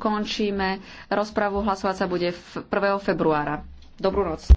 končíme rozpravu. Hlasovať sa bude 1. februára. Dobrú noc.